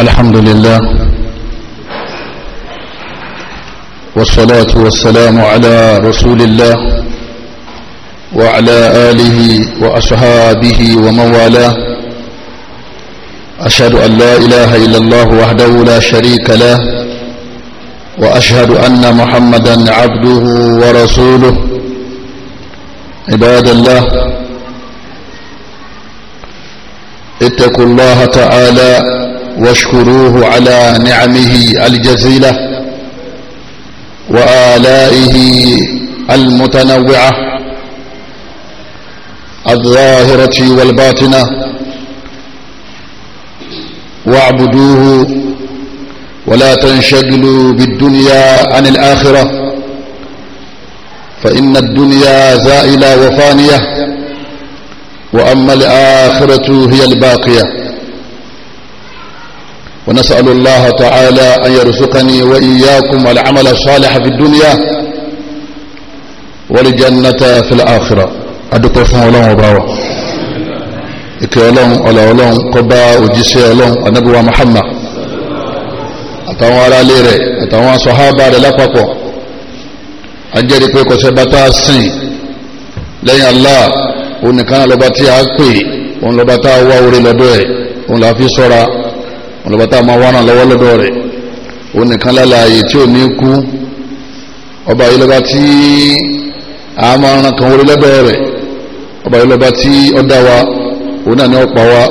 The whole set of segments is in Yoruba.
الحمد لله والصلاة والسلام على رسول الله وعلى آله وأصحابه ومن والاه أشهد أن لا إله إلا الله وحده لا شريك له وأشهد أن محمدا عبده ورسوله عباد الله اتقوا الله تعالى واشكروه على نعمه الجزيلة وآلائه المتنوعة الظاهرة والباطنة واعبدوه ولا تنشغلوا بالدنيا عن الآخرة فإن الدنيا زائلة وفانية وأما الآخرة هي الباقية ونسأل الله تعالى أن يرزقني وإياكم العمل الصالح في الدنيا والجنة في الآخرة أدوكو فون الله وبراوة إكي الله ولا الله قبا وجيسي الله النبي محمد أتوان على ليري أتوان صحابة للأقوى أجري كويكو سبتا سين لين الله ونكان لباتي أكوي ونلبتا ووري لدوي ونلا في صورة ọlọ́ba tá a máa wá ràn lọ́wọ́ lọ́dọ̀ rẹ̀ ó nìkan lálàyé tí ò ní kú ọba yìí lọ́ba tí a máa ràn kan orí lọ́dọ̀ rẹ̀ ọba yìí lọ́ba tí ó dá wa òun náà ní ọ̀pá wa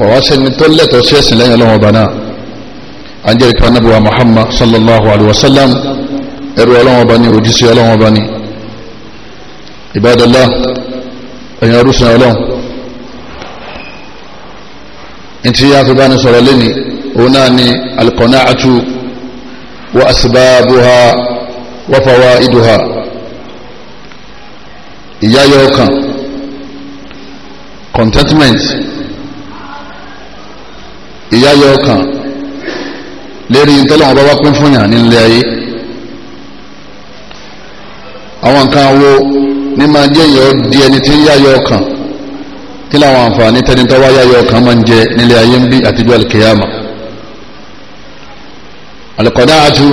wàá sẹ́ni tó lẹ́tọ̀ọ́ sí ẹ̀sìn lẹ́yìn ọlọ́wọ́n ọba náà anjẹ́ ìka anábì wa Muhammad sallallahu alayhi wa sallam ẹrú ọlọ́wọ́n ọba ní òjíṣẹ́ ọlọ́wọ́n ọba ní ibadallah ẹ̀yin arúsìn ọlọ́wọ́n ntí afibani sọ̀rọ̀ lẹ́ni òun náà ni alqana'atu wa asbabuha wa fawaiduha ìyáyọ̀ ọkàn contentment ìyáyọ̀ ọkàn lérí ntọ́lọ́wọ́n bá wá pín fún yàn nílé ayé àwọn nǹkan wo ní máa jẹ́ ìyọ̀ di ẹni tí ń yáyọ̀ ọkàn kí làwọn àǹfààní tẹni tó wáyà yọ ọkàn máa ń jẹ nílé ayé ń bí àtijọ́ alikiyama alikọ̀dá àti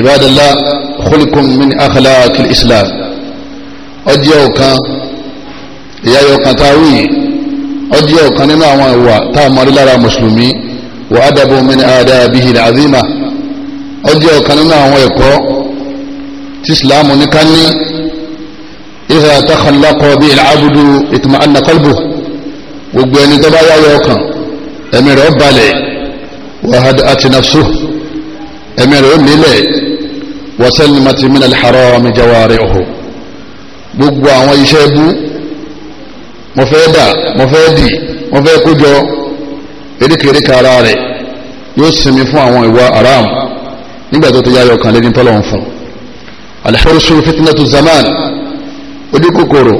ibadala khulikum min akhlaqil islam ọjọ́ ọ̀kan ìyá yọ ọkàn tá a wí ọjọ́ ọ̀kan nínú àwọn ìwà tá a máa lára mùsùlùmí wa adabu min adabihi azima ọjọ́ ọ̀kan nínú àwọn ẹ̀kọ́ tí islam ní ká ní. إذا takàlákọ̀ bí ìlàbùdù ìtumọ̀ قلبه، gbogbo ẹni tó bá yáyọ ọkàn وهدأت نفسه، ó balẹ̀ لي، àti من الحرام rẹ̀ ó nílẹ̀ wàsẹ́ni mati mina alḥaram jawari ọ̀hún gbogbo àwọn iṣẹ́ bú mo fẹ́ dà mo fẹ́ dì mo fẹ́ kójọ eríkèéríkà ara rẹ̀ yóò sinmi fún àwọn ìwà haram nígbà tó ti yáyọ ọkàn lẹ́ni tọ́lọ́run fún alḥurusu fitnatu zaman odi kòkòrò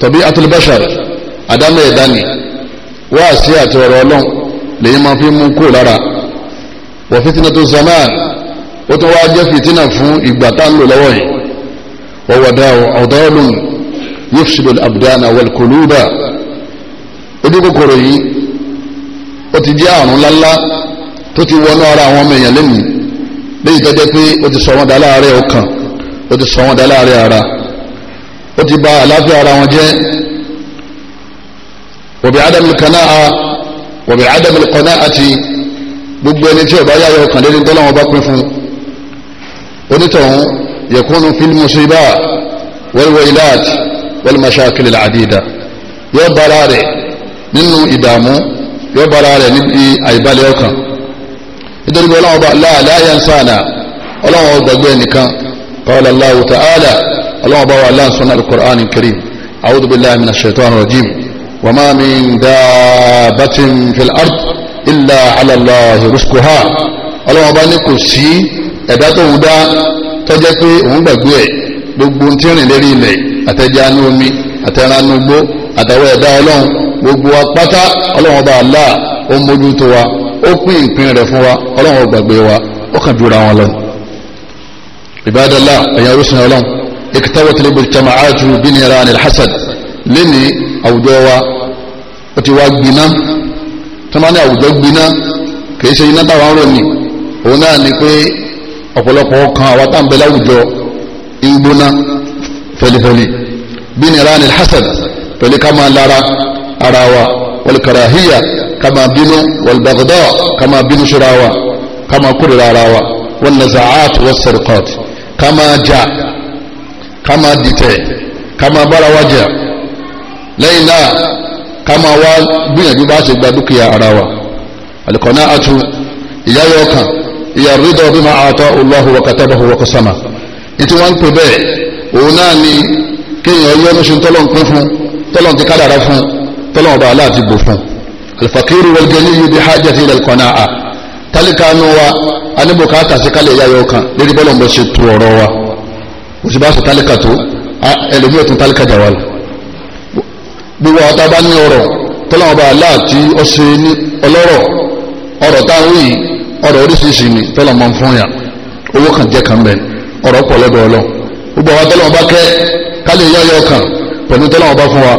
tàbí atulubashar adamu ẹ̀dání wáàsí àti ọ̀rọ̀ ọlọ́run lèyìn máa fi mú kó lára wọ fitina tó zaman ó tún wáá jẹ́ fitina fún ìgbà tá ń lò lọ́wọ́ yìí wọ́n wọ̀dà ọ̀dọ́ọ̀lùm yufsidul abdana wal kuluba odi kòkòrò yìí ó ti jẹ́ àrùn ńláńlá tó ti wọnú ara àwọn ọmọ èèyàn lẹ́nu léyìí tó jẹ́ pé ó ti sọ wọn dá láàárẹ̀ ọkàn ó ti sọ wọn dá láàárẹ̀ ara ó ti bà àlàáfíà ara wọn jẹ́ wọ̀bí ádámù kanáà wọ̀bí ádámù kọ́nà àti gbogbo ẹni tí ọba yáyọ ọkàn lẹ́ni tọ́lá wọn bá pín fún onítọ̀hún yẹ̀kúnnù fil musiba wal wailat wal mashakil al adida yóò rẹ̀ nínú ìdààmú yóò bára rẹ̀ níbi àìbalẹ̀ ọkàn nítorí pé ọlọ́wọ́n bá láàlá yẹn sáànà ọlọ́wọ́n gbàgbé ẹnìkan qala Allahu ta'ala ọlọ́wọ́n bá wà láǹsọ́n náà alukur'an karim awúdú bí láàmì náà ṣètò àrùn rajim wà máa mi dá bàtìm fil ard ilà alàlá hirusku ha ọlọ́wọ́n bá ní kò sí ẹ̀dá tó ń dá tọ́jẹ́ pé òun gbàgbé ẹ̀ gbogbo tí ń rìn lérí ilẹ̀ àtẹ̀já ní omi àtẹ̀ránú gbó àtàwọn ẹ̀dá ọlọ́run gbogbo apáta ọlọ́run bá Allah ó mójútó wa ó pín ìpín rẹ̀ fún wa ọlọ́run ó gbàgbé wa ó kàn jura wọn lọ. ìbádọ́lá ẹ̀yàn orísun ọlọ́run iktawat al-mujtama'atu biniran al-hasad lẹ́ni àwùjọ wa ó ti wá gbiná tọ́mọ́ni àwùjọ gbiná kìí ṣe iná táwọn rò ní òun náà ni pé ọ̀pọ̀lọpọ̀ ọkàn àwọn táǹbẹ̀ láwùjọ ń gbóná fẹlifẹli biniran al-hasad pẹ̀lú ká máa lára ara wa wal-karahiyya ká máa bínú wal-baghdha ká máa bínú ṣúra wa ká máa kórìíra ara wa wan-naza'at was-sarqat ká máa jà Kama máa kama ká máa bára wa jà lẹ́yìn náà ká máa wá gbìyànjú bá ṣe gba dúkìá ara wa àlùkọ́nà àtú ìyá yọ ọkàn ìyá rídọ̀ bí máa àtọ́ Allahu wa katabahu wa qasama ìtí wọ́n ń pè bẹ́ẹ̀ òun náà ni kéèyàn yọ ọ́nùsùn tọ́lọ̀ ń pín fún tọ́lọ̀ ti kádàrá fún tọ́lọ̀ ọba aláàtì bò fún alifakiru wal ganiyu bi hajati ila alqana'a tálíkà nù wa aníbùkátà sí ìyá yọ ọkàn lórí bọ́lọ̀ ń ṣe tu ọ̀rọ̀ wa kò sì bá sọ tálíkà tó ẹlòmí ọ̀tún tálíkà jà wà lọ. gbogbo àwọn tá a bá ní ọrọ̀ tọ́láwọn bá aláà tí ó ṣe ní ọlọ́rọ̀ ọrọ̀ táwọn yìí ọrọ̀ oríṣiríṣi ni tọ́lá máa ń fún yà owó kan jẹ́ kan bẹ́ẹ̀ ọrọ̀ pọ̀ lọ́dọ̀ ọlọ́ gbogbo àwọn tọ́láwọn bá kẹ́ kálí yọ̀yọ̀ kan pẹ̀lú tọ́láwọn bá fún wa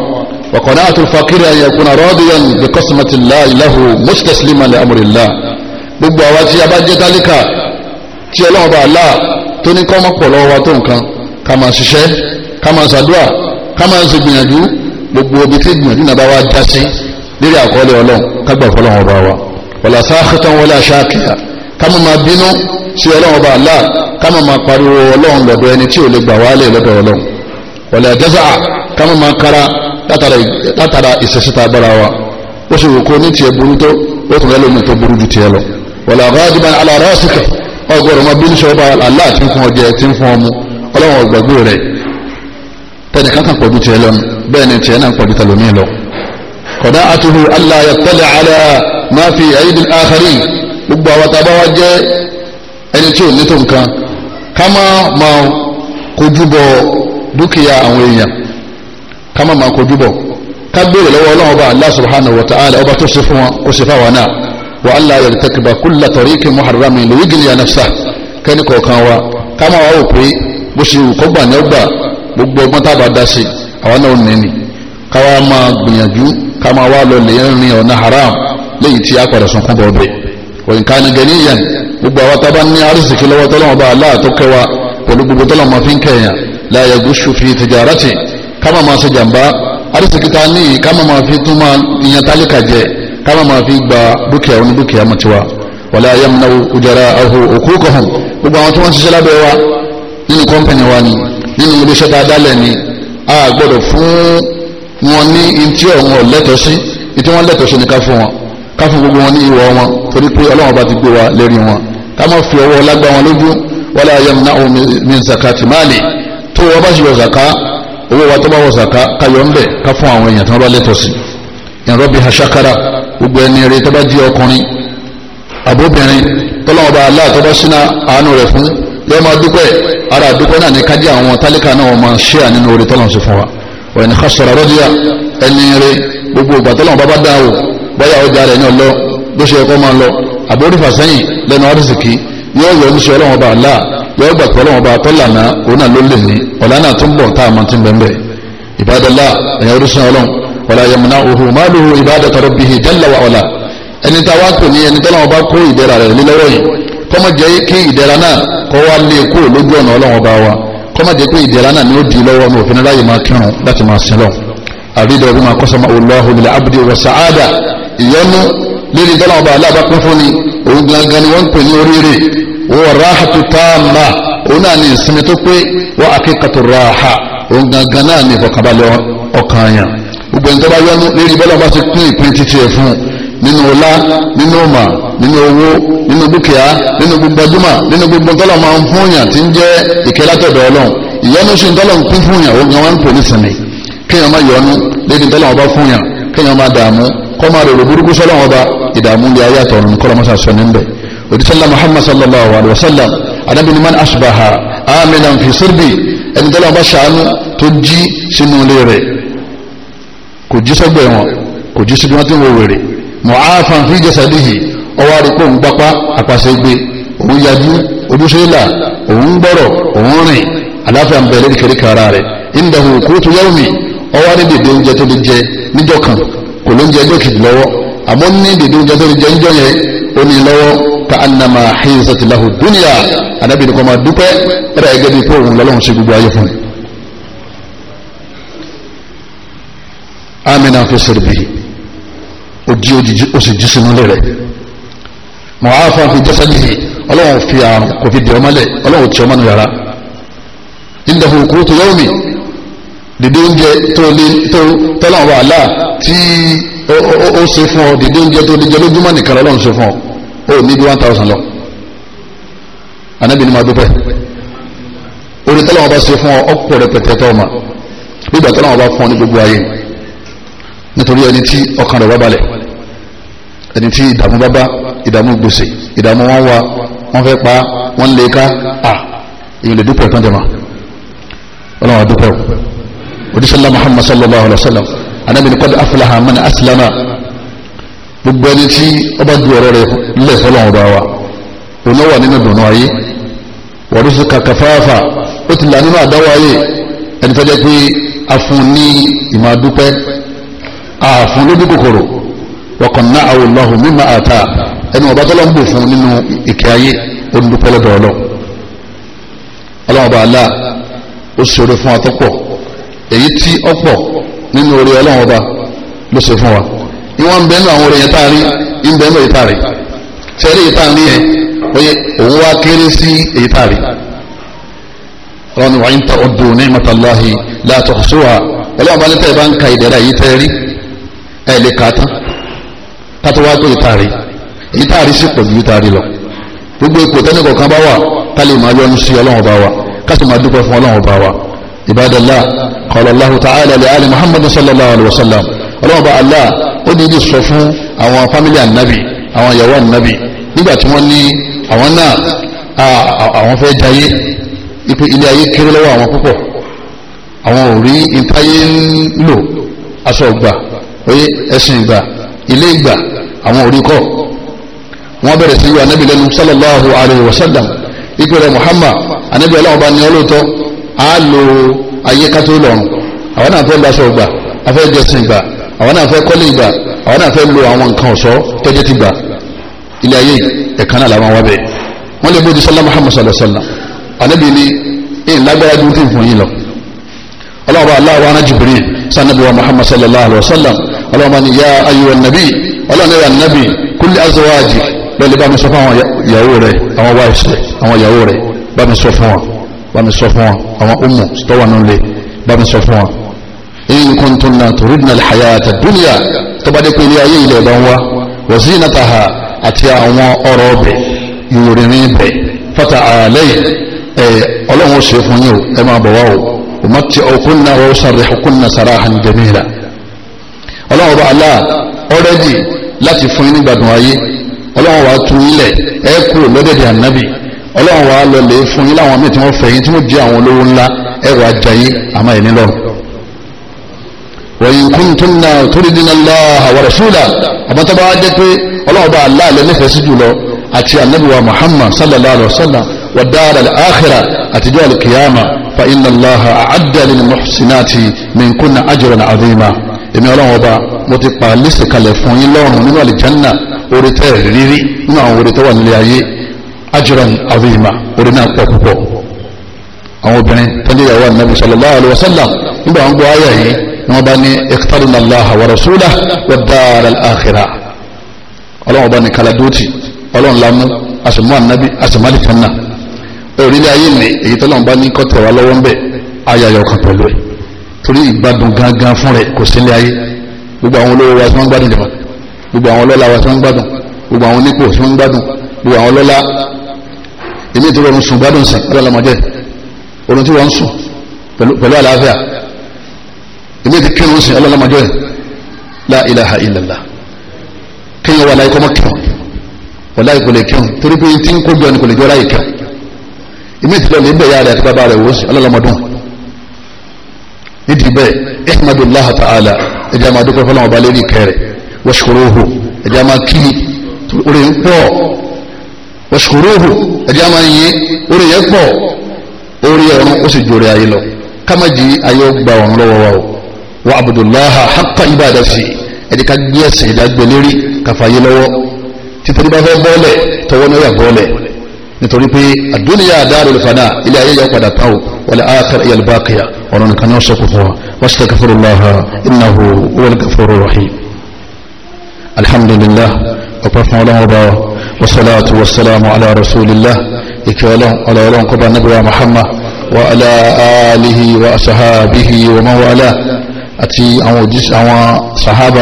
وقناعة tó ní kọ́ mọ́pọ̀ lọ́wọ́ wa tó nǹkan ká máa ṣiṣẹ́ ká máa ṣàdúrà ká máa ṣe gbìyànjú gbogbo ibi tí gbìyànjú náà bá wá já sí lérí àkọọ́lẹ̀ ọlọ́run kágbà fọlọ́run ọba wa wàlà sáàkìtàn wọlé àṣàkìyà ká máa máa bínú sí ọlọ́run ọba àlá ká máa máa pariwo ọlọ́run lọ́dọ̀ ẹni tí ò lè gbà wálé lọ́dọ̀ ọlọ́run wàlà àjẹsà ká máa máa kára látara ìṣẹ̀ṣẹ̀ta agbára wa ó sì wò kó ní tiẹ̀ burú tó ó tún lẹ́lómi tó burú ju tiẹ̀ lọ wàlà àgbà ọlọ́run ọ̀gbàgbé rẹ̀ tẹnìkan kan pọ̀jù tiẹ̀ lọ́nu bẹ́ẹ̀ ni tiẹ̀ náà pọ̀jù tẹlomi lọ. kọ̀dá àtúhù allah yàtọ̀lẹ̀ àlà máa fi ayédi àkàrí gbogbo àwọn tá a bá wá jẹ́ ẹni tí ò ní tó nǹkan ká má máa kojú bọ dúkìá àwọn èèyàn ká má máa kojú bọ ká béèrè lọ́wọ́ ọlọ́run ọba allah subhanahu wa ta'ala ọba tó ṣe fún wọn ó ṣe fáwọn náà wa allah yàtọ̀kìbà kúlẹ̀ tọ̀ríkì muharramin lè yí gìlìyà nafsa kẹ́ni kọ̀ọ̀kan wa ká má wá wò pé bó ṣe wù kọ́gbà ní ọgbà gbogbo ọgbọ́n tábà dá sí àwa náà ní ni káwa máa gbìyànjú ká máa wá lọ lè rin ọ̀nà haram léyìí tí a padà sunkún bọ̀ bẹ́ẹ̀ òyìnká ni gẹ̀ẹ́ni yẹn gbogbo àwa tábà ní arísìkí lọ́wọ́ tọ́lọ́wọ́ bá aláàtọ́ kẹwa pẹ̀lú gbogbo tọ́lọ́wọ́ máa fi ń kẹ̀yàn láyé gúúsù fi tìjàrátì ká máa máa ṣe jàǹbá arísìkí ta ní ká máa máa fi tún máa ìyẹn tálíkà nínú kọ́mpìnì wa ni nínú iléeṣẹ́ dáadáa lẹ̀ ni a gbọ́dọ̀ fún wọn ní ntí ọ̀hún ọ̀lẹ́tọ̀ sí ntí wọ́n lẹ́tọ̀ sí ni ká fún wọn ká fún gbogbo wọn ní ìwọ wọn torí pé ọlọ́wọ́n bá ti gbé wa lérí wọn ká má fi ọwọ́ lágbá wọn lójú wala yamna'u min zakati mali tó wọ́n bá ṣe wọ zaka owó wa tó bá wọ zaka ká yọ ńbẹ ká fún àwọn èèyàn tí wọ́n bá lẹ́tọ̀ sí ìrọ́bì hashakara gbogbo ẹni rẹ tó bá jí ọkùnrin àbóbìnrin tọ́lọ́wọ́n bá aláàtọ́ bá sínú àánú rẹ̀ fún yẹ máa dúpẹ́ ara àdúpẹ́ náà ní kájí àwọn tálíkà náà wọ́n máa ṣíà nínú orí tọ́lọ̀ sí fún wa wọ́n ní kásọ̀rọ̀ rọ́díà ẹni rẹ gbogbo ìgbà tọ́lọ̀ bá bá dá o bóyá ọjà rẹ̀ ní ọlọ bó ṣe ẹ̀kọ́ máa lọ àbórí fàsẹ́yìn lẹ́nu àrísìkí yóò yọ oníṣẹ́ ọlọ́wọ́n bá àlá yóò gbà pé ọlọ́wọ́n bá tọ́lànà òun náà ló lè ní ọ̀là náà tó bọ̀ tá a máa ti ń bẹ̀ ń bẹ̀ ìbádọ́lá ẹ̀yàn oríṣiríṣi ọlọ́run wala yamna'uhu maluhu ibadata rabbih jalla wa ala ẹni tá a wá pè ní ẹni tọ́lọ́wọ́n bá kó ìdẹ́ra rẹ̀ lílọ́wọ́ yìí kọ́mọ jẹ́ kí ìdẹ̀ra náà kọ́ wa lé e kúrò lójú ọ̀nà ọlọ́run ọba wa kọ́mọ jẹ́ pé ìdẹ̀ra náà ni ó di lọ́wọ́ ní òfin láyé máa kírun láti máa sin lọ. àrídọ̀ bí máa kọ́sọ́mọ́ olóhù lè abdi wa sàádà ìyọnu lérí dọ́là ọba aláàbá pín fún ni òun gangan ni wọ́n ń pè ní oríire wọ́n ráhàtú táàmà òun náà ni ìsinmi tó pé wọ́n akíkàtú ráhà òun gangan náà ni ìfọkànbalẹ̀ ọkàn nínú ọlá nínú ọmọ nínú owó nínú dúkìá nínú gbogbo ọdúnmà nínú gbogbo tọ́lọ̀ máa ń fún yàn tí ń jẹ́ ìkẹ́ látọ̀dọ̀ ọlọ́run ìyọnu sí tọ́lọ̀ ń kún fún yàn ogun wọn ń pè ní sinmi kéèyàn máa yọnu lédi tọ́lọ̀ wọn bá fún yàn kéèyàn máa dààmú kọ́ máa rèrò burúkú sọ́lọ́ wọn ìdààmú ní ayé àtọ̀run kọ́lọ́ mọ́sá sọ níbẹ̀ muhammad sallallahu alayhi wa sallam anábìnrin man asbaha aminan fi sirbi ẹni tọ́lọ̀ wọn bá ṣàánú kò jí sọ́gbẹ̀ wọn kò jí síbi wọn tí wọn wèrè mọ̀áfà fi jasadihi ọwọ́ àríkò ń gbapá àpàṣẹ gbé òun yajú ojúṣẹ́là òun gbọ́rọ̀ òun rìn àláfíà ń bẹ lórí kẹríkà ara rẹ̀ indahu qutu yawmi ọwọ́ àrí dèdè oúnjẹ tó lè jẹ níjọ kan kò ló ń jẹ ẹjọ́ kejì lọ́wọ́ àmọ́ ní dèdè oúnjẹ tó lè jẹ níjọ yẹn ó ní lọ́wọ́ ka annama hizat lahu dunya anabi ni kò máa dúpẹ́ ẹ̀rọ ẹgẹ́ bíi pé òun lọ́lọ́run ṣe gbogbo ayé fún amina fi sirbihi òjì òjì ó sì jí sínú lé rẹ̀ mọ̀háfà fi jásálì yìí ọlọ́run fi àrùn kò fi dìọ́ mọ́lẹ̀ ọlọ́run tí ọmọ nù yàrá ilẹ̀ òkú tó yọ̀ mí dèdè oúnjẹ tó lé tó tọ́lọ́run wà láà tí ó ṣe fún ọ dèdè oúnjẹ tó lé jẹ lójúmọ́ nìkan ọlọ́run ṣe fún ọ ó ní bí one thousand lọ anábì ni máa dúpẹ́ orí tọ́lọ́run bá ṣe fún ọ ọ̀pọ̀ rẹpẹtẹ tọ́ ọ ma nígbà tọ́lọ́run bá fún ọ ní gbogbo ayé nítorí ẹni tí ọkàn rẹ̀ bá balẹ̀ ẹni tí ìdààmú bá bá ìdààmú gbèsè ìdààmú wọn wá wọn fẹ́ pa wọn lè ká à èyí lè dúpẹ́ tán jẹ́ ma ọlọ́run àdúpẹ́ o odisala muhammad sallallahu alaihi wa sallam anabi ni qad aflaha man aslama gbogbo ẹni tí ọba ju ọ̀rọ̀ rẹ̀ lẹ̀ fọlọ́run ọba wa òun wà nínú ìdùnnú ayé wàdúsù kàkàfáàfà ó ti là nínú àdáwọ̀ ayé ẹni tó jẹ́ pé a ní ìmọ̀ àfún lójú kòkòrò wọ̀kàn náà àwòlọ́hùn mímọ́ àtà ẹni ọba tọ́lọ́ ń bò fún nínú ìkẹ́ ayé olùdókòlọ́dọ̀ ọlọ́ ọlọ́ọ̀bà alá ó ṣòro fún atọ́pọ̀ èyí tí ọ̀pọ̀ nínú orí ọlọ́ọ̀ba ló ṣe fún wa ìwọ̀n ń bẹ́ẹ̀ nù àwọn orí yẹn tá a rí ń bẹ́ẹ̀ nù èyí tá a rí sẹ́rí èyí tá rí yẹn oye òun wá kéré sí èyí tá rí ọlọ́ni wàá ń ta ọdún ní mọ́tàláhì látọ̀ sówà ní tẹ́ bá ń ka ìdẹ́rẹ́ ẹ lè ka tán kátó wá pé ìtaari ìtaari sì pọ̀ ju ìtaari lọ gbogbo ipò tẹ́nìkọ̀ kan bá wà ká lè máa yọnu sí ọlọ́run bá wa ká sì máa dúpẹ́ fún ọlọ́run bá wa ibadallah qala Allahu ta'ala li ali muhammadu sallallahu alayhi wa sallam ọlọ́run bá allah ó ní ní sọ fún àwọn fámílì ànábì àwọn ìyàwó ànábì nígbà tí wọ́n ní àwọn náà àwọn fẹ́ jayé ipe ilé ayé kéré lọ́wọ́ àwọn púpọ̀ àwọn ò rí ìtayé ń lò aṣọ ọgbà oye ẹ̀sìn ìgbà ilé ìgbà àwọn orí kọ́ wọ́n sí anabi sallallahu alayhi wa sallam muhammad anabi lo ayé kátó lọ́run àwọn náà fẹ́ lọ́sọ̀ gbà afẹ́ àwọn náà fẹ́ kọ́lé ìgbà àwọn náà fẹ́ lo àwọn nǹkan ọ̀ṣọ́ ti gbà ilé ayé ẹ̀ka wa sallam anabi ni ọlọ́mọ ni ya ayuwa nabi ọlọ́ni ya nabi kulli azawaaji lọ́lẹ̀ bá mi sọ fún àwọn ìyàwó rẹ̀ àwọn wives rẹ̀ àwọn ìyàwó rẹ̀ bá mi sọ fún wọn bá mi sọ fún wọn àwọn umu tọ́wọ́ nù lé bá mi sọ fún wọn. in kuntunna turidna alhayata dunya tó bá dé pé ilé ayé ilẹ̀ bá ń wá wa zinataha àti àwọn ọ̀rọ̀ ọbẹ̀ ìròyìn ibẹ̀ fata àlẹ́yìn ẹ̀ ọlọ́run ó ṣe fún yín o ẹ máa bọ̀ wá o umatti ukunna wa usarrihukunna sarahan jamila ọlọ́run bá aláà ọ̀rẹ́dì láti fún yín nígbàdùn ayé ọlọ́run wàá tu ilẹ̀ ẹ kúrò lọ́dẹ̀dẹ̀ ànábì ọlọ́run wàá lọlé fún yín láwọn míì tí wọ́n fẹ́ yín tí wọ́n di àwọn olówó ńlá ẹ wàá jayé àmọ́ ẹ̀ nílọ. wọ̀nyí kuntunna turidina Allaha wa rasula àbátọ́bá jẹ́ pé ọlọ́run bá aláà lẹ nífẹ̀ẹ́ sí jùlọ àti ànábì wa Muhammad sallallahu alayhi wa sallam wa dara èmi ọlọ́run ọba mo ti pa lẹ́sẹ̀ kalẹ̀ fún yín lọ́rùn nínú àlìjánná orí tẹ́ rírí nínú àwọn orí tó wà nílé ayé ajran azima orí náà pọ̀ púpọ̀ àwọn obìnrin tẹ́lẹ̀ ìyàwó ànábì sallallahu alaihi wasallam nígbà wọn gbọ́ ayé yìí wọn bá ní iqtarna Allah wa rasulahu wa dar al-akhirah ọlọ́run ọba ní kaladóòtì ọlọ́run lámú àsùnmọ́ ànábì àsùnmọ́ àlìjánná orílẹ̀ ayé ni èyí tọ́lọ́run bá ní kọ́tẹ̀ lọ́wọ́ ń torí ìgbádùn gangan fún rẹ kò sílé ayé gbogbo àwọn olówó wa tí wọ́n ń gbádùn jàmbá gbogbo àwọn ọlọ́lá wa tí wọ́n ń gbádùn gbogbo àwọn onípò tí wọ́n ń gbádùn gbogbo àwọn ọlọ́lá èmi ìtura ọ̀run sùn gbádùn sàn ọlọ́lá ọmọdé ọ̀run tí wọ́n ń sùn pẹ̀lú àlàáfíà èmi ti kírun sìn ọlọ́lá ọmọdé la ilaha illallah kéèyàn wà láyé kọ́mọ́ kírun wà láyé kò lè kírun torí pé tí ń kó jọ ni kò lè jọ láyé kírun èmi ìtura ọ̀run ibẹ̀ yára àti bàbá rẹ̀ wò sí ọlọ́lá ọmọdún nídìí bẹ́ẹ̀ ihmadu allah ta'ala ẹjẹ́ máa dúpẹ́ fọlọ́wọ́n ọba lérí kẹrẹ wọ́ṣkúrúhù ẹjẹ́ máa kí orí ń pọ̀ wọ́ṣkúrúhù ẹjẹ́ máa yin orí yẹn pọ̀ orí ọ̀run ó sì jòrè ayé lọ káma jí ayé gba ọ̀run lọ́wọ́ wa o wa abdullahi haqqa ibadasi ẹjẹ́ ká gbé ẹsẹ̀ ìdágbé lérí káfa ayé lọ́wọ́ títí bá fẹ́ bọ́ọ̀lẹ̀ tọwọ́ náà bọ́ọ̀lẹ̀ nítorí pé àdúnyà darul ilé ayé yà padà tán o wal akhirah ولن كان واستغفر الله انه هو الغفور الرحيم الحمد لله وكفى له رضا والصلاة والسلام على رسول الله إكفالا على يلون قبى نبوى محمد وعلى آله وأصحابه ومن والاه أتي أو جس أو صحابة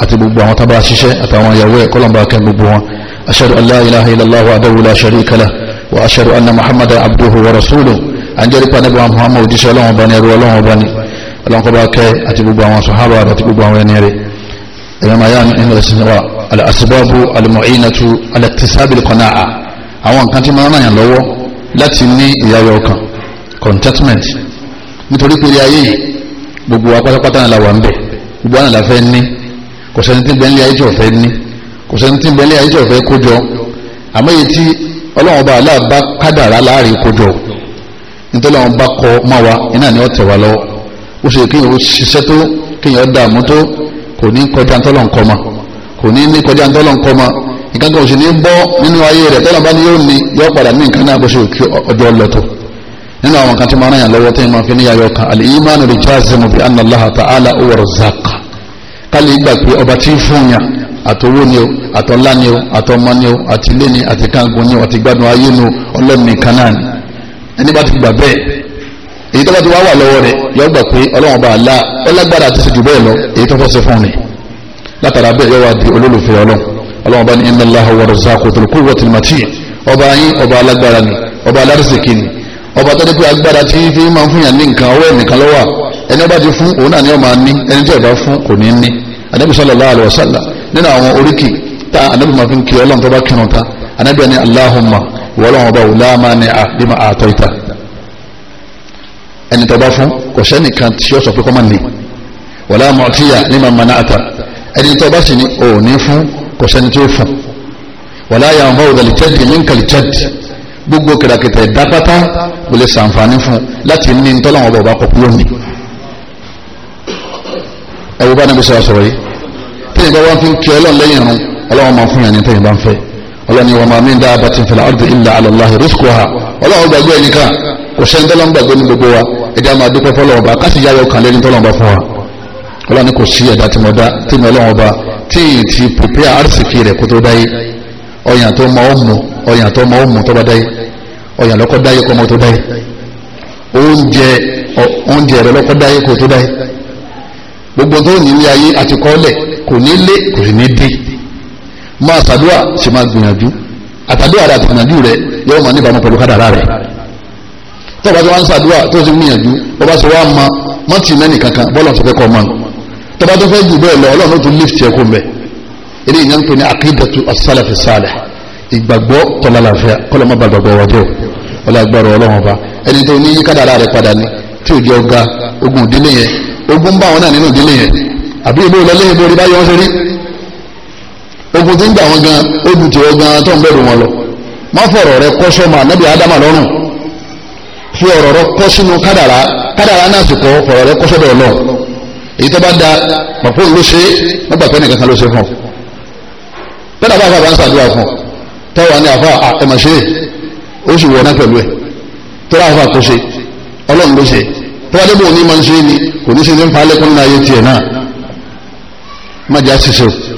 أتي بوبا وتباسشة أتي أو يوي كولومبا كان بوبا أشهد أن لا إله إلا الله وحده لا شريك له وأشهد أن محمدا عبده ورسوله àǹjẹ́rì pa nígbà Muhammad òjíṣẹ́ ọlọ́run ọba ní ẹrú ọlọ́run ọba ní ọlọ́run kọba kẹ́ àti gbogbo àwọn sọ̀hábà àti gbogbo àwọn ẹni rẹ̀ ẹ̀rọ maya nínú ẹ̀sìn wa al-asbabu al-mu'inatu ala iktisabil qana'a àwọn nǹkan tí máa ń ràn lọ́wọ́ láti ní ìyáyọ ọkàn contentment nítorí pé ayé yìí gbogbo apátápátá náà la wà ń bẹ̀ gbogbo àná la fẹ́ ní kò sẹ́ni tí bẹ́ẹ̀ ní ayé tí ò fẹ́ ní kò sẹ́ni tí bẹ́ẹ̀ ní ayé nítorí àwọn bá kọ má wa iná ni ó tẹ̀ wá lọ́wọ́ ó ṣe kéèyàn ó ṣiṣẹ́ tó kéèyàn ó dààmú tó kò ní kọjá ntọ́lọ̀ nǹkan ma kò ní ní kọjá ntọ́lọ̀ nǹkan ma nǹkan kan ò sì ní bọ́ nínú ayé rẹ̀ tọ́lọ̀ bá ní yóò ní yóò padà ní nǹkan náà bó ṣe kí ọjọ́ lọ́tọ̀ nínú àwọn kan tí máa ń yàn lọ́wọ́ tẹ́yìn máa fi ní yàyọ̀ kan àlè ìmánu rẹ̀ jáàzìmù bí anna Allah ta'ala huwa razzaq kálí ìgbà pé ọba tí ń fún yàn àtòwó ni ẹni bá ti gbà bẹ́ẹ̀ èyí tó bá ti wá wà lọ́wọ́ rẹ̀ yọ gbà pé ọlọ́wọ́n bá la ọlágbára àti ṣèjú bẹ́ẹ̀ lọ èyí tó fọ́sẹ̀ fún ni látara bẹ́ẹ̀ yọ wá di olólùfẹ́ ọlọ́run ọlọ́wọ́n bá ní inna Allaha huwa razzaqu dhul quwwatil matin ọba yín ọba alágbára ni ọba alárìsìkì ni ọba tó dé pé agbára tí fi máa ń fún yàn ní nǹkan ọwọ́ ẹ̀nìkan lọ́wọ́ ẹni ọba ti fún òun náà ni ó máa ní ẹni tí ọba fún kò ní ní anabi sallallahu alaihi wasallam nínú àwọn oríkì tá anabi máa fi ń kí ọlọ́run tó bá kírun ta anabi ni Allahumma wọ́lọ́wọ́ bá wù láàmà ni àdìmọ̀ ìta ẹni tó bá fún kò sẹ́nìkan tí ó sọ pé kọ́ máa ní wọ́lá tí yà ní màmá náà ta ẹni tó bá sì ní ò ní fún kò sẹ́ni tí ó fún wọ́lá yà ń bá wù dàlí tẹ́ẹ̀dì ní nkàlí tẹ́ẹ̀dì gbogbo kìràkìtà ìdápátá kò lè sàǹfààní fún láti ní ntọ́lọ́wọ́ bá ọba kọ̀ọ̀kú lónìí ẹ̀wọ́ bá níbi sọ̀rọ̀ sọ̀rọ̀ yìí tẹ́yìn bá wá fi kí ọlọ́run lẹ́yìn irun ọlọ́run máa fún yàn ní tẹ́yìn bá ń fẹ́ ọlọ́ni wọn máa mi dá abati fìlà ọ̀dọ̀ ilẹ̀ alọ́láhi rìsíkò ha ọlọ́run gbàgbé ẹnìkan kò sẹ́ni tọ́lọ́ ń gbàgbé ní gbogbo wa ẹ̀dá máa dúpẹ́ fọlọ́wọ́n ba káṣí yáyọ kan lẹ́ni tọ́lọ́ ń bá fún wa ọlọ́ni kò sí ẹ̀dá tí mo dá tí mi ọlọ́run ba tí ì ti pèpè àrísìkì rẹ̀ kó tó dáyé ọ̀yàn tó máa ń mu ọ̀yàn tó máa mu tó bá dáyé ọ̀yàn lọ́kọ́ dáyé kọ́ mọ́ tó dáyé oúnjẹ oúnjẹ rẹ̀ lọ́kọ́ dáyé kó tó dáyé gbogbo tó ní ilé máa ṣàdúrà sì máa gbìyànjú àtàdúrà rẹ àtìgbìyànjú rẹ yóò máa níbàámu pẹ̀lú kádàrá rẹ tó o bá ti wá ń ṣàdúrà tó o ti gbìyànjú o bá ti wá ma má ti mẹ́ni kankan bọ́ọ̀lù ọ̀sẹ̀ kẹ́kọ̀ọ́ ma tó o bá tó fẹ́ jù bẹ́ẹ̀ lọ ọlọ́run ó tún lift ẹ̀ kó mbẹ ilé ìyá ń pè ní akidatu asálàfi sálẹ̀ ìgbàgbọ́ tọ́lálàfíà kọ́lọ́ má ba gbàgbọ́ wa jẹ́ o ọlọ́gbàrọ̀ ọlọ́run ọba ẹni ni tí òjò ọ̀gá ogun ìdílé yẹn ogun bá wọn náà nínú ìdílé yẹn àbí ìbò ìlọlẹ́yìn borí báyọ̀ ń ṣe rí bó ti ń gbà wọn gan ó dùn tiwọn gan tó ń bẹ̀rù wọn lọ má fọ̀rọ̀ rẹ kọ́ sọ́mọ ànábì ádámà lọ́rùn fi ọ̀rọ̀ rẹ kọ́ sínú kádàrá kádàrá náà sì kọ́ fọ̀rọ̀ rẹ kọ́ sọ́dọ̀ ọlọ́run èyí tó bá da pàpọ̀ ló ṣe má gbà pé nìkan kan ló ṣe fún ọ bẹ́ẹ̀ bá bàbá ń ṣàdúrà fún tọ́wọ́ ní àfa ẹ̀mọ̀ ṣe ó sì wọ̀ náà pẹ̀lú ẹ̀ tó rà àfa kó ṣe ọlọ́run ló ṣe tó bá débò ní máa ń ṣe ni kò ní ṣe ní ń falẹ́kùn náà ayé tiẹ̀ náà má jẹ́ àṣìṣe o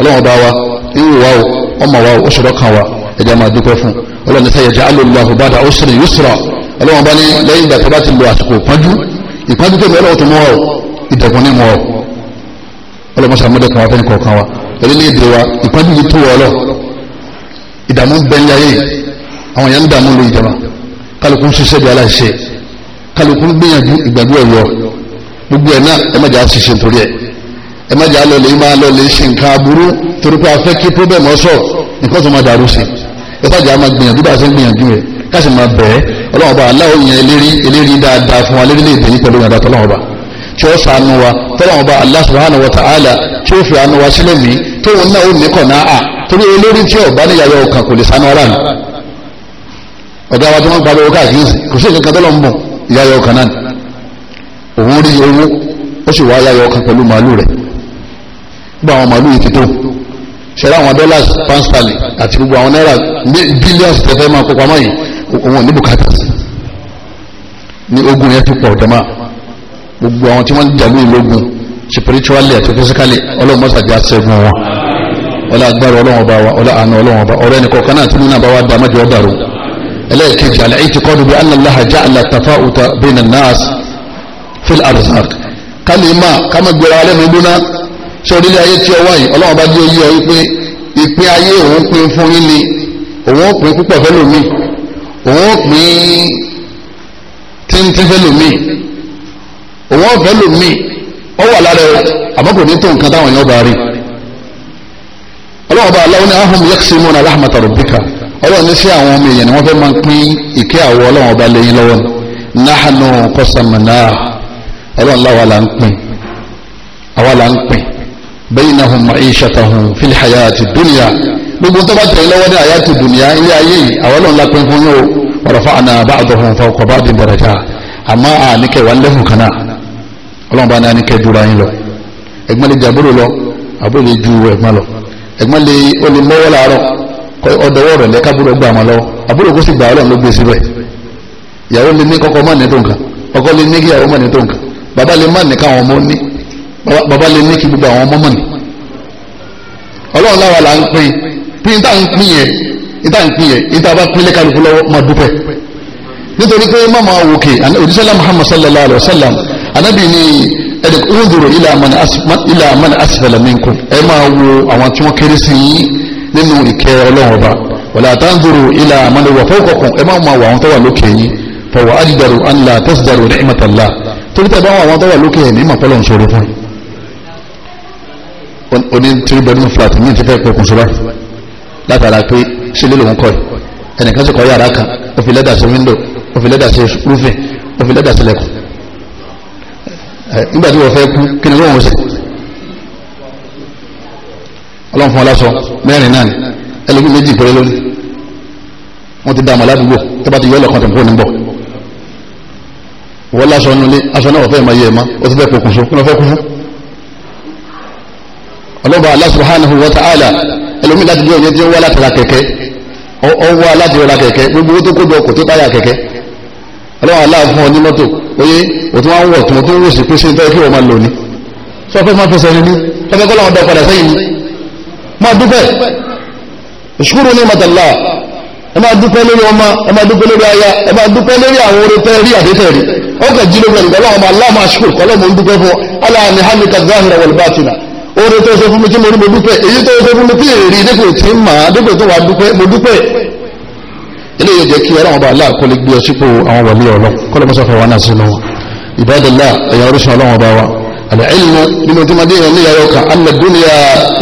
ọlọ́run bá wa ń wà o ọmọ wa o ṣọ̀rọ̀ kan wa ẹ̀jẹ̀ máa dúpẹ́ fún ọlọ́run ní sẹ́yẹ̀ jẹ́ alóòlùwàhù bá da ó ṣẹlẹ̀ yóò ṣọ̀rọ̀ ọlọ́run bá ní lẹ́yìn ìgbà tó bá ti lo àsìkò ìpọ́njú ìpọ́njú tó bẹ̀rẹ̀ ọ̀tún mọ́ ọ ìdẹ̀kùn ní mọ́ ọ ọlọ́run sàmú dẹ̀kùn wa fẹ́ni kọ̀ọ̀kan wa orílẹ̀-èdè wa ìpọ́njú yìí tó wọ ọlọ́ ìdààmú bẹ́ńlẹ̀ ayé àwọn yẹn ń dààmú lu ìjọba kálukú ń ṣiṣẹ́ bí aláìṣe kálukú ń gbìyànjú ìgbàgbọ́ ẹ̀yọ gbogbo ẹ̀ náà ẹ má á ṣiṣẹ́ nítorí ẹ̀ ẹ má jà lọlẹ má lọlẹ ṣe nǹkan aburú torí pé a fẹ́ kí problem ọ̀sọ̀ nǹkan tó máa dàrú sí ẹ sájà máa gbìyànjú bá a ṣe ń gbìyànjú rẹ káṣí máa bẹ̀ ẹ́ ọlọ́run ọba aláwọ̀ yẹn eléri eléri dáadáa fún wa lérílẹ̀ èdè yìí pẹ̀lú ìrìn àdàtọ̀ ọlọ́run tí ó sànù wa tọ́lọ́run ọba Allah subhanahu wa ta'ala tí ó fi àánú wa sílẹ̀ mí tóun náà ó nìkan náà à torí olórí tí ọba níyàwó ọkàn kò lè sànù ara nù ọ̀gá wa tí wọ́n gba gbogbo àwọn màálù yìí ti tó ṣẹlẹ̀ àwọn dollars pound sterling àti gbogbo àwọn náírà billions tẹfẹ máa kó pamọ́ yìí òun ò ní bùkátà sí ní ogun yẹn fi pọ̀ jama gbogbo àwọn tí wọ́n ń jàlú ìlógun spiritually àti physically ọlọ́run mọ́sàdí àṣẹ́gun wọn ọlá agbára ọlọ́run ọba wa ọlá àánú ọlọ́run ọba ọ̀rẹ́ nìkan kan náà tí nínú àbáwá dá mọ́jọ́ dàrú ẹlẹ́ẹ̀kejì àlẹ́ èyí ti kọ́dù bí aláha já àlà tafa uta bẹ́ẹ̀ nas fil arzak kálí mà kámẹ́gbẹ̀rẹ̀ alẹ́ mi dúná ṣé orílẹ̀ ayé tí ọ wáyé ọlọ́run bá jẹ́ oyé ọ wípé ìpín ayé òun pín fún yín ni òun ó pin púpọ̀ fẹ́lòmíì òun ó pin tíntín fẹ́lòmíì òun ó fẹ́lòmíì ó wà lára ẹ àmọ́ kò ní tó nǹkan táwọn èèyàn bá rí ọlọ́run bá aláwọ̀ ní ahum yaqsimuna rahmata rabbika ọlọ́run ní sí àwọn ọmọ èèyàn ni wọ́n fẹ́ máa pín àwọ̀ ọlọ́run ọba lẹ́yìn baynahum ma'ishatahum fil hayati dunya gbogbo tó bá tẹ̀ lọ́wọ́ ní hayati dunya ilé ayé yìí àwọn ọlọ́run lápẹ́ fún yóò wa rafa'na ba'dahum fawqa ba'din daraja àmọ́ àníkẹ́ wà lẹ́hùn kan náà ọlọ́run bá ní àníkẹ́ jura yín lọ ẹ̀gbọ́n lè jàbúrò lọ àbúrò lè ju ẹ̀gbọ́n lọ ẹ̀gbọ́n lè ó lè mọ́wọ́ láàárọ̀ ọdọwọ́ rẹ̀ lẹ́kàbúrò gbà wọn lọ́wọ́ àbúrò kó sì gbà ọlọ́run ló gbé e síbẹ̀ ìyàwó lè ní kọ́kọ́ mọ́ ní tó nǹkan ọkọ lè ní kíyàwó mọ́ ní tó nǹkan bàbá lè má ní káwọn ọmọ ní bàbá lè ní kí gbogbo àwọn ọmọ mọ̀ ní ọlọ́run láwa là ń pín pín ní tá à ń pín yẹn ní tá à ń pín yẹn ní tá a bá pín lé kálukú lọ́wọ́ máa dúpẹ́ nítorí pé mọ́mọ́ àwòkè òjísọ́lá muhammad sallallahu alayhi wa sallam anábì ní ẹ̀dẹ̀ ọ̀húndùrù ilà àmàna asfala minkum ẹ máa wo àwọn tí wọ́n kéré sí yín nínú ìkẹ́ ọlọ́run ọba wala tanzuru ilà àmàna wà fawqakum ẹ máa mọ àwọn tó wà lókè yín fọwọ́ àdìdàrú an la tasdaru ni'matallah torí tẹ̀ bá àwọn tó wà lókè yín ní màpọ́lọ̀ ń sọ̀rọ̀ fún yín oní three bedroom flat mi ti fẹ́ pokùn sọ́ba látara pé sílé lòun kọ́ ẹnìkan sì kọ́ yàrá kan ó fi lẹ́dà sí window ó fi lẹ́dà sí roofing ó fi lẹ́dà sí lẹ́kùn nígbà tí wọ́n fẹ́ kú kí ni wọ́n wọ́n sí ọlọ́run fún ọlásọ mẹ́rin náà ni ẹlẹ́gbẹ́ méjì péré lónìí wọ́n ti dá àmọ́ ládùúgbò tó bá ti yọ ọlọ́kan tó ń kó ní bọ̀ wọ́n lásọ nílé aṣọ náà wọ́n fẹ́ máa yẹ ẹ̀ ọlọ́ba Allah subhanahu wa ta'ala ẹlòmíì láti gbé ọ̀yẹ́ tí ó wá láti ra kẹ̀kẹ́ ó wá láti ra kẹ̀kẹ́ gbogbo owó tó kó dọ̀kọ̀ tó táyà kẹ̀kẹ́ ọlọ́ba Allah fún ọ ní mọ́tò oyé òtún wọn wọ̀ tó wọn tó wò sí pé sí nítorí kí wọ́n máa lò ní fọ́fẹ́ máa fẹsẹ̀ ní fọ́fẹ́ kọ́ làwọn dọ̀ padà sẹ́yìn ní máa dúpẹ́ ìṣúkúrú ní mọ̀tàlá ẹ máa dúpẹ́ lórí ọmọ ẹ máa dúpẹ́ lórí aya ẹ máa dúpẹ́ lórí àwọn oore tẹ́ rí àdétẹ́ rí ọkọ̀ jí lórí ẹ̀dùn ọlọ́run máa láàmú àṣùkò kọ́lọ́mù ń dúpẹ́ fún aláàmì hàmìkà záhìrà wọ̀lbátìnà oore tó ṣe fún mi tí mo rí mo dúpẹ́ èyí tó ṣe fún mi tí èrì dípò tí ń mà á dípò tó wà dúpẹ́ mo dúpẹ́ eléyìí jẹ́ kí ọlọ́run bá aláà kó lè gbé ọ sípò àwọn wàlẹ́ ọlọ́ kọ́lọ́ mọ́sá fẹ́ wà náà sínú wọn ìbádọ́lá ẹ̀yà orísun ọlọ́run bá wa àlẹ́ẹ̀lìmọ́ nínú tí madina ní yàrá ọkà alẹ́dúnìyà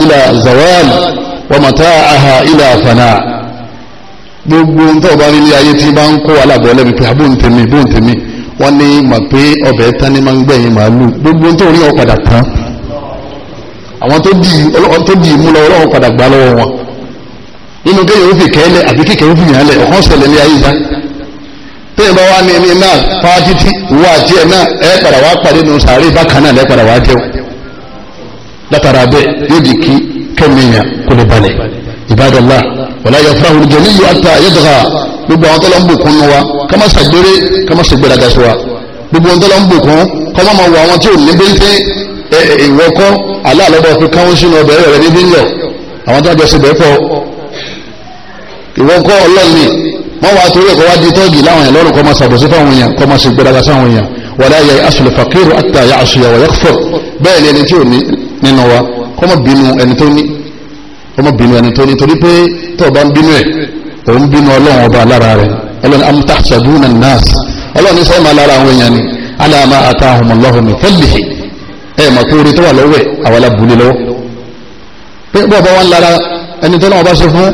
ilà zawal wa mata'aha ilà fana gbogbo nǹkan ọba nílé ayé tí bá ń kó alábọ̀ lẹ́bi pé abóǹtẹ̀mí bóǹtẹ̀mí wọ́n ní mà pé ọbẹ̀ tání máa ń gbẹ̀yìn màálù gbogbo nǹkan orí ọ̀ padà tán àwọn tó di tó di ìmú lọ ọlọ́run padà gbà lọ́wọ́ wọn nínú kéèyàn ó fi kẹ́lẹ̀ àbí kéèyàn ó fi yàn án lẹ̀ ọ̀kan ṣẹlẹ̀ ní ayé ìdá téèyàn bá wá ní ẹni náà fájítì wá àti ẹ náà ẹ padà wá pàdé nù sàárè bákan náà lẹ padà wá jẹun látara bẹ́ẹ̀ yóò di kí kẹ́mìyàn kó lè balẹ̀ ìbádọ́lá wàlá yọ fúláhùn jẹ̀lí yóò àtà gbogbo àwọn tọ́lọ́ ń bùkún wa ká má ṣàgbére kọ́ ìwọ kọ́ aláàlọ́bọ̀ fi káwọn sínú ọbẹ̀ rẹ̀ níbí ńlọ àwọn tó ń jọsìn bẹ́ẹ̀ pọ̀ ìwọ kọ́ ọlọ́ọ̀ni wọ́n wá torí ẹ̀kọ́ wá di tọ́ọ̀gì láwọn èèyàn lọ́rùn kọ́ máa ṣàbòsí fáwọn èèyàn kọ́ máa ṣe gbẹdaga sáwọn èèyàn wàlá yẹ asùlù fàkírù àtà yà àṣùyà bẹ́ẹ̀ ni ẹni tí ò ní nínú wa kọ́ máa bínú ẹni tó ní torí pé tó o bá ń bínú ẹ̀ òun bínú ọlọ́run ọba lára rẹ̀ ọlọ́run amúta ṣàdúnà nàás ọlọ́run ní sẹ́yìn lára àwọn èèyàn ni aláàmà àtàhùnmọ́lọ́hùnmí fẹ́lẹ̀ ẹ mọ̀ pé orí tó wà lọ́wọ́ ẹ̀ àwọn alábùlé lọ́wọ́ pé bọ́ọ̀bá wọn lára ẹni tó náà bá ṣe fún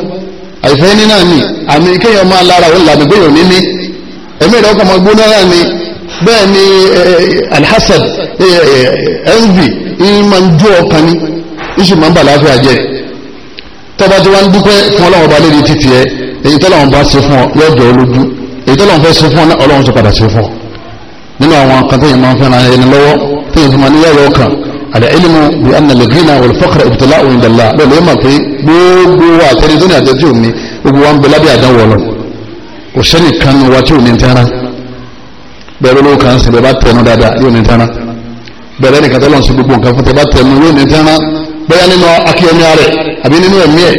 àìfẹ́ ní náà ni àmì kéèyàn máa lára òun làmì gbéyàn ní ní ẹ̀mí ìdọ́kọ̀ ọmọ gbóná náà ni bẹ́ẹ̀ ni alhassad envy ń máa ń jó ọkàn ni iṣu máa ń bà láàfin àjẹ tọ́ba tí wọ́n ń dúpẹ́ fún ọlọ́run ọba lédi títì ẹ èyí tọ́lọ́run bá ṣe fún ọ olójú èyí tọ́lọ́run fẹ́ ṣe fún ọ tó padà ṣe fún ọ nínú àwọn kan tó yẹn ń fẹ́ràn ẹni lọ́wọ́ tí yẹn fi máa níyàwó ọkàn al-ilmu bi anna al-ghina wal-faqra ibtila'un inda Allah lọ́lọ́ yẹn mọ̀ pé gbogbo wa àtẹni tó ní àtẹ̀tí òní gbogbo wa ń bẹ lábẹ́ àdánwò lọ kò sẹ́ni kan wa tí òní tẹ́ra bẹ́ẹ̀ lọ́wọ́ kan sì bẹ́ẹ̀ bá tẹnu dáadáa yóò ní tẹ́ra bẹ́ẹ̀ lẹ́nu kan tọ́lọ́ sí gbogbo nǹkan fún tẹ́ bá tẹnu yóò ní tẹ́ra bẹ́ẹ̀ nínú akíyẹmí rẹ̀ àbí nínú ẹ̀mí ẹ̀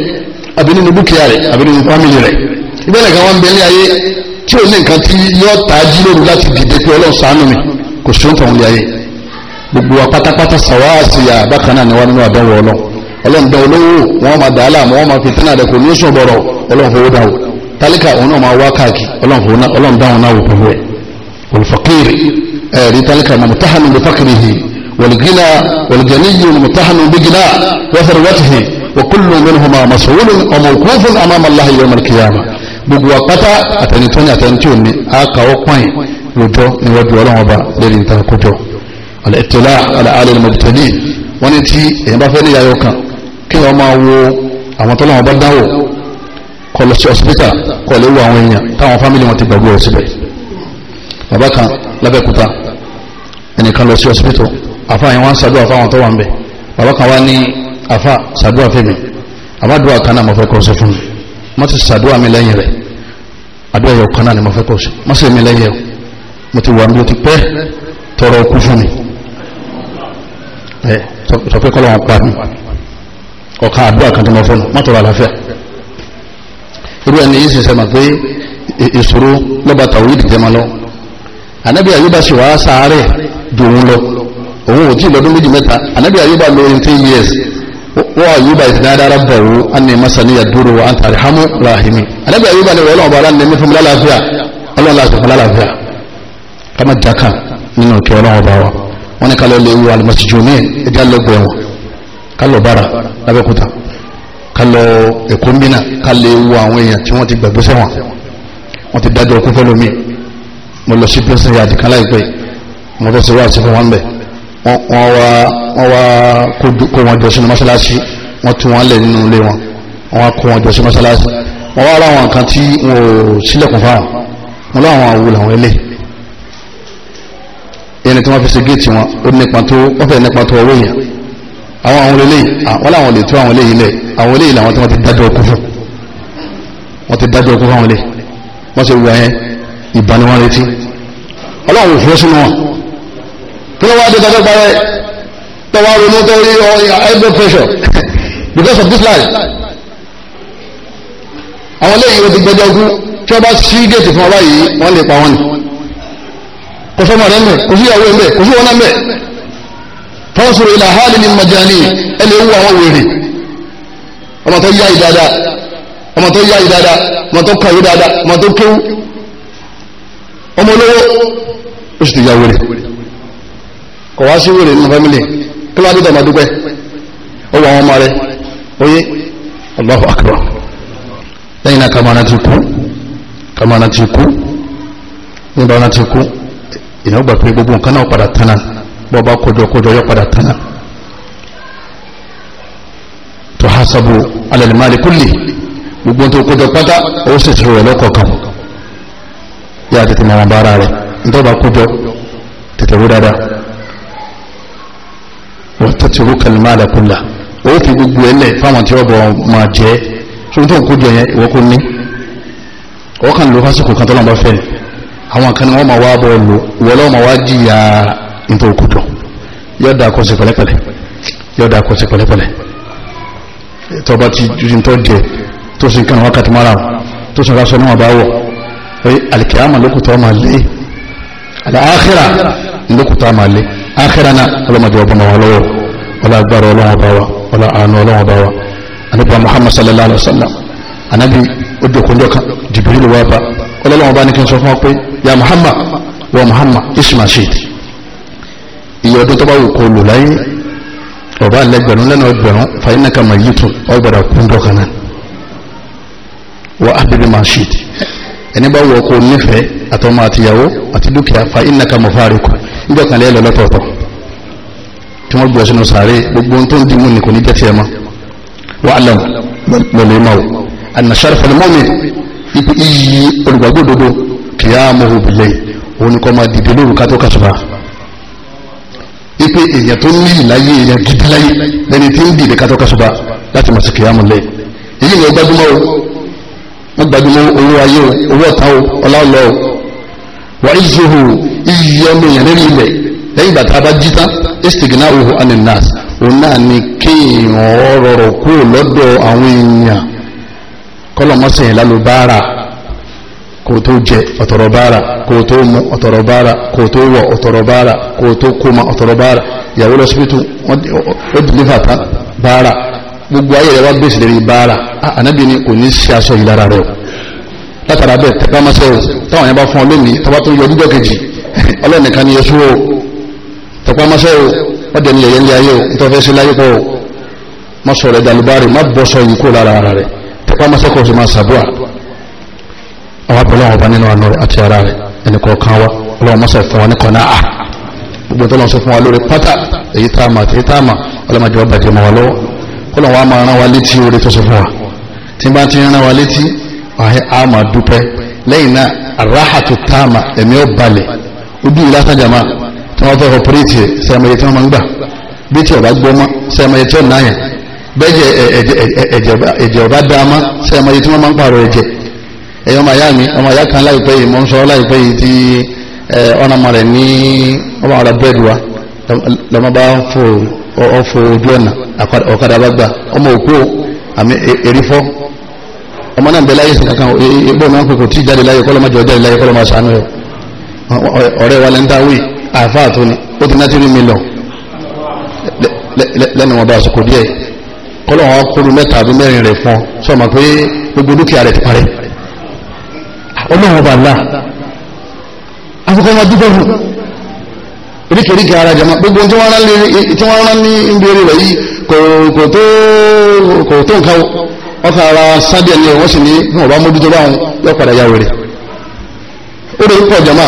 àbí nínú dúkìá rẹ̀ àbí nínú fámìlì rẹ̀ ibẹ̀ nìkan wá ń bẹ ní ayé tí ò ní nǹkan tí yóò tàá jí lóru láti mi kò sí òǹtàn ní ayé gbogbo wa pátápátá sàwáàsìyà bákan náà ni wọ́n nínú àdánwò ọlọ́run ọlọ́run dán olówó wọn máa dà á láàmú wọn máa fi tínà rẹ̀ kò ní sùn bọ̀rọ̀ ọlọ́run fowó dáwò tálíkà òun náà máa wá káàkiri ọlọ́run dáhùn náà wò pẹ̀lú ẹ̀ olùfọ̀kìrì ẹ̀rí tálíkà mọ̀mọ́táhánu bí fákìrìhì wọ̀lùgínà wọ̀lùgẹ́nìyì mọ̀mọ́táhánu bí gínà wọ́fẹ̀rẹ̀ wọ́tìhì wọ́kùnlù mẹ́nuhùmá màṣọ́wọ́lù ọmọ òkúfún amámàláhì yọmọ kìyàmà gbogbo àpáta àtẹnitọ́ni àtẹnitọ́ni àkàwọ́ pọ́ìn lójọ́ níwájú ọlọ́run ọba lẹ́yìn ìtàkùjọ́ alẹ́tẹ̀lá alẹ́ mọ̀tẹ́lẹ̀ wọ́n ní tí èyàn bá fẹ́ ní ìyàyọ̀ kan kí wọ́n máa wo àwọn tọ́lá wọn bá dáwò kó lọ sí ọ̀sìpítà kó lè wo àwọn èèyàn táwọn fámìlì wọn ti gbàgbé ọ̀ síbẹ̀ bàbá kan lábẹ́kúta ẹnìkan lọ sí ọ̀sìpítà àfa yẹn wọ́n ń ṣàdúrà fáwọn tó wà ń bẹ̀ bàbá kan wá ní àfa ṣàdúrà fẹ́mi àbádùrà kan náà mo fẹ́ kọ́ sí fún mi mo ti ṣàdúrà mi lẹ́yìn rẹ̀ àdúrà ẹ sọ pé kọ́lọ́wọ́n pa mí ọ̀ka àdúrà kan tó mọ fún un má tọrọ àlàáfíà irú ẹni yìí sì sẹ́mà pé ìṣòro lọ́ba tàwọn yìí dìjẹ́ máa lọ ànábì àyùbá sì wá sàárẹ̀ dòun lọ òun ò tí ì lọ́dún méjì mẹ́ta ànábì àyùbá lọ in ten years wọ́n àyùbá ìtìdáyà dára bọ̀ wò á ní masaniya dúró wa àǹtà àríhámú rahimi ànábì àyùbá ni wọ́n ọba aláǹdẹ̀ mi fún mi lálàáfíà ọlọ́run láti fún lálàáfíà ká má jákà nínú òkè ọlọ́run ọba wa wọ́n ní kálọ̀ lè wo alimọ̀tìjọ́mí ẹ̀dí alẹ́gbọ̀ ẹ̀wọ̀n kálọ̀ bára lábẹ́kúta kálọ̀ èkó mìíràn kálẹ̀ wo àwọn èèyàn tí wọ́n ti gbàgbé sẹ́wọ̀n wọ́n ti dájọ́ ọkú fẹ́lẹ́ mi mo lọ sí pẹ́sẹ̀ àdìkan láìpẹ́ mo fẹ́ sẹ́wọ́ àti fọwọ́n bẹ̀ wọ́n wá wọ́n wá kó wọn jọ sínú mọ́ṣáláṣí wọ́n tún wọn lẹ̀ nínú ilé wọn wọ́n wá kó wọn jọ sínú ẹni tí wọ́n fi ṣe géètì wọn ó nípa tó wọ́n fẹ́ nípa tó owó yẹn àwọn àwọn eléyìí àwọn làwọn lè tó àwọn eléyìí lẹ̀ àwọn eléyìí làwọn tí wọ́n ti dájọ́ ọkú fún wọ́n ti dájọ́ ọkú fún àwọn ilé wọ́n ṣe wù ẹyẹn ìbániwọ́n retí ọlọ́run ò fún sínú wọn kí ló wá dé tọ́jọ́ parẹ́ tọ́wọ́ ronú tó rí high blood pressure because of this life àwọn eléyìí ó ti gbẹjọ́ ọkú tí wọ́n bá ṣí géètì fún ọ báyìí wọ́n lè pa wọ́n ni kò sọmọ rẹ mẹ kò sí ìyàwó mẹ kò sí wọn mẹ tọ́sùrù ilà hali ni majani ẹ lè wú àwọn wèrè ọmọ tó yá ìdada ọmọ tó yá ìdada ọmọ tó kàwé dada ọmọ tó kéwú ọmọ olówó ó sì ti ya wèrè kò wá sí wèrè nínú fámìlì kí ló dé tọ́ ọmọ àwọn ọmọ rẹ oyé Allahu akbar lẹ́yìn náà kàmáná ti kú kàmáná ti kú nígbà náà ti kú ìnáwó gbà pé gbogbo nǹkan náà padà tán náà bọ́ bá kójọ kójọ yọ padà tán náà tó há sọ́bù alẹ́lẹ́máàlì kúlì gbogbo tó kójọ pátá ó sì ṣòro rẹ̀ lọ́kọ̀ọ̀kan yá tètè máa wọn bára rẹ̀ nítorí bá kójọ tètè rú dáadáa wọ́n tètè rú kẹlẹ́máàlì kúlà ó fi gbogbo ẹlẹ̀ fáwọn tí wọ́n bọ̀ máa jẹ́ sóhun tó kójọ yẹn ìwọ́kún ní ọkàn ló fásitì kan tó lọ́nà àwọn kan ni wọ́n máa wá bọ́ lò wọ́lọ́ máa wá jìyà nítorí òkúdọ̀ yọ́dà kọ́ sí pẹ̀lẹ́pẹ̀lẹ́ yọ́dà kọ́ sí pẹ̀lẹ́pẹ̀lẹ́ tó bá ti jùjú tó jẹ tó sì kan wákàtí mara tó sì rásọ náà bá wọ̀ alikiyama lókùtà máa lé aláàkírà lókùtà máa lé àkírà náà ọlọ́mọdé ọbọ̀n wọn lọ́wọ́ ọlá agbára ọlọ́wọ́n bá wa ọlá àánú ọlọ́wọ́n bá wa alaihi wa sallam anábì ó dòkúnjọ́ kan jìbìrì lè wá bá ọlọ́wọ́n bá ya muhammad wa muhammad ismashid iye ọdún tó bá wù kó lò láyé ọba lẹgbẹrún lẹ́nà ọgbẹ̀rún fàyínàkà mayitun ọgbẹ̀rún kúndọ̀ kan náà wa abdul mashid ẹni bá wù ọkọ nífẹ̀ẹ́ àtọmọ àtìyàwó àti dúkìá fàyínàkà mọ̀fárikù níjọ kan lẹ́yìn lọ́lọ́tọ̀ọ̀tọ̀ tí wọ́n gbọ́ sínú sàárè gbogbo tó ń dìmú ni kò ní jẹ́ tiẹ̀ mọ́ wa alam lọ́lẹ́mọ́ anna sharaf al-mu'min ibi iyì olùgbàgbọ́ dodo qiyamuhu bil-layl òun ni kọ́ máa dìde lóru ká tó ipe èèyàn tó ni ìláyé èèyàn gidi láyé lẹni tí ń dìde ká tó kàṣùbà láti máa ṣe qiyamul layl èyí ni ó gbajúmọ̀ o wọ́n gbajúmọ̀ owó ayé o owó ọ̀tá o ọlá ọ̀lọ́ o wà á ìṣòro iyì ọmọ èèyàn lórí ilẹ̀ lẹ́yìn ìgbà tá a bá jí tán istigna ohu aninas òun náà ni kéèyàn rọrọ̀ kúrò lọ́dọ̀ àwọn èèyàn kọ́lọ̀ kò tó jẹ ọ̀tọ̀rọ̀ kò tó mu ọ̀tọ̀rọ̀ bára kò tó wọ ọ̀tọ̀rọ̀ bára kò tó kóma ọ̀tọ̀rọ̀ bára ìyàwó lọ́sibítù ó dìlífà tán bára gbogbo ayé rẹ̀ wá gbèsè lórí bára ah, ànábì ni kò ní ṣe aṣọ ìlara rẹ̀ o látara bẹ́ẹ̀ tẹpámọ́sẹ́ o táwọn yẹn bá fún ọ lónìí tọ́ba tó yọ dídọ́ kejì ọlọ́nìkan ni yẹsú o tẹpámọ́sẹ́ o ọdẹ ni yẹyẹ ń lé ayé o ìtọ́fẹ́ sí láyé pọ̀ o má sọ̀rọ̀ ẹ̀dá lùbárì má bọ́ sọ yìí kó lára rẹ̀ tẹpámọ́sẹ́ kò sì sàbúà àwọn abẹ́lẹ́ àwọn ọba nínú àánú rẹ̀ àti ara rẹ̀ ẹnì kọ̀ọ̀kan wa ọlọ́run mọ́sẹ̀ fún wa ní kọ̀ọ̀nà gbogbo tó lọ́n sọ fún wa lórí pátá èyí tá a mà èyí tá a mà ọlọ́mọdé wa bàjẹ́ mọ́ wa lọ́wọ́ kọ́lọ́n wa máa rán wa létí oore tó sọ fún wa tí bá ti rán wa létí a máa dúpẹ́ lẹ́yìn náà àráhàtò tá a mà ẹ̀mí ọ̀ balẹ̀ ojú ìlà sájàmá tí wọ́n fẹ́ ọ̀pẹ́rẹ́tì ẹ̀ sẹ́mẹ̀yẹ tí wọ́n máa ń gbà bí tí ọ̀bá gbọ́ mọ́ sẹ́mẹ̀yẹ tí ọ̀ náà yẹn bẹ́ẹ̀ ẹ̀jẹ̀ ọ̀bá dáa mọ́ sẹ́mẹ̀yẹ tí wọ́n máa ń pààrọ̀ ẹ̀jẹ̀ ẹ̀yọ́ ọmọ ìyá mi ọmọ ìyá kan láìpẹ́ yìí mọ́ ń sọ láìpẹ́ yìí tí ọ̀nàmọ̀ rẹ̀ ní ọmọ ọ̀rọ̀ bẹ́ẹ̀dù wa lọ́mọ bá fò ọ̀fọ̀ ojú ọ̀nà ọ̀kadà bá gbà ọmọ òkú àmì erífọ́ ọmọ náà bẹ́ẹ̀ láyé sí kankan ẹgbẹ́ ọmọ kòkò tí jáde láyé kọ́lọ́mọ jọ jáde láyé kọ́lọ́mọ sànú rẹ̀ ọ̀rẹ́ wa lẹ́ńtà wí àfa àtúni ó ti náà mi lọ lẹ́nu wọn bá àsìkò díẹ̀ kọ́lọ́mọ kúrú mẹ́ta àbí mẹ́rin rẹ̀ fún ọ sọ ma pé gbogbo dúkìá rẹ̀ ti parẹ́ ọlọ́run ọba àlá afẹ́kọ́ wọn dúpẹ́ fún oríkèríkè ara jama gbogbo tí wọ́n rán ní ìbéèrè rẹ̀ yìí kò tó nǹkan ọkà ara sáde ẹni wọ́n sì ní bí wọ́n bá mójútó báwọn yọ padà yà wẹ̀rẹ̀ ó lè pọ̀ jama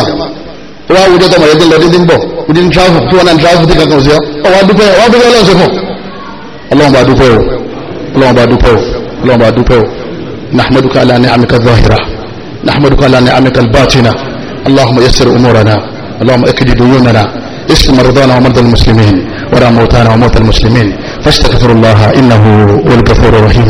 ó wá wùdó tọmọ yẹtí lọ dídí ń bọ̀ dídí ń tráfù tí wọ́n náà ń tráfù tí kankan sí ọ نحمدك على نعمك الباتنة اللهم يسر أمورنا اللهم اكد ديوننا اسم مرضانا ومرضى المسلمين ورا موتانا وموتى المسلمين فاستغفر الله إنه هو الغفور الرحيم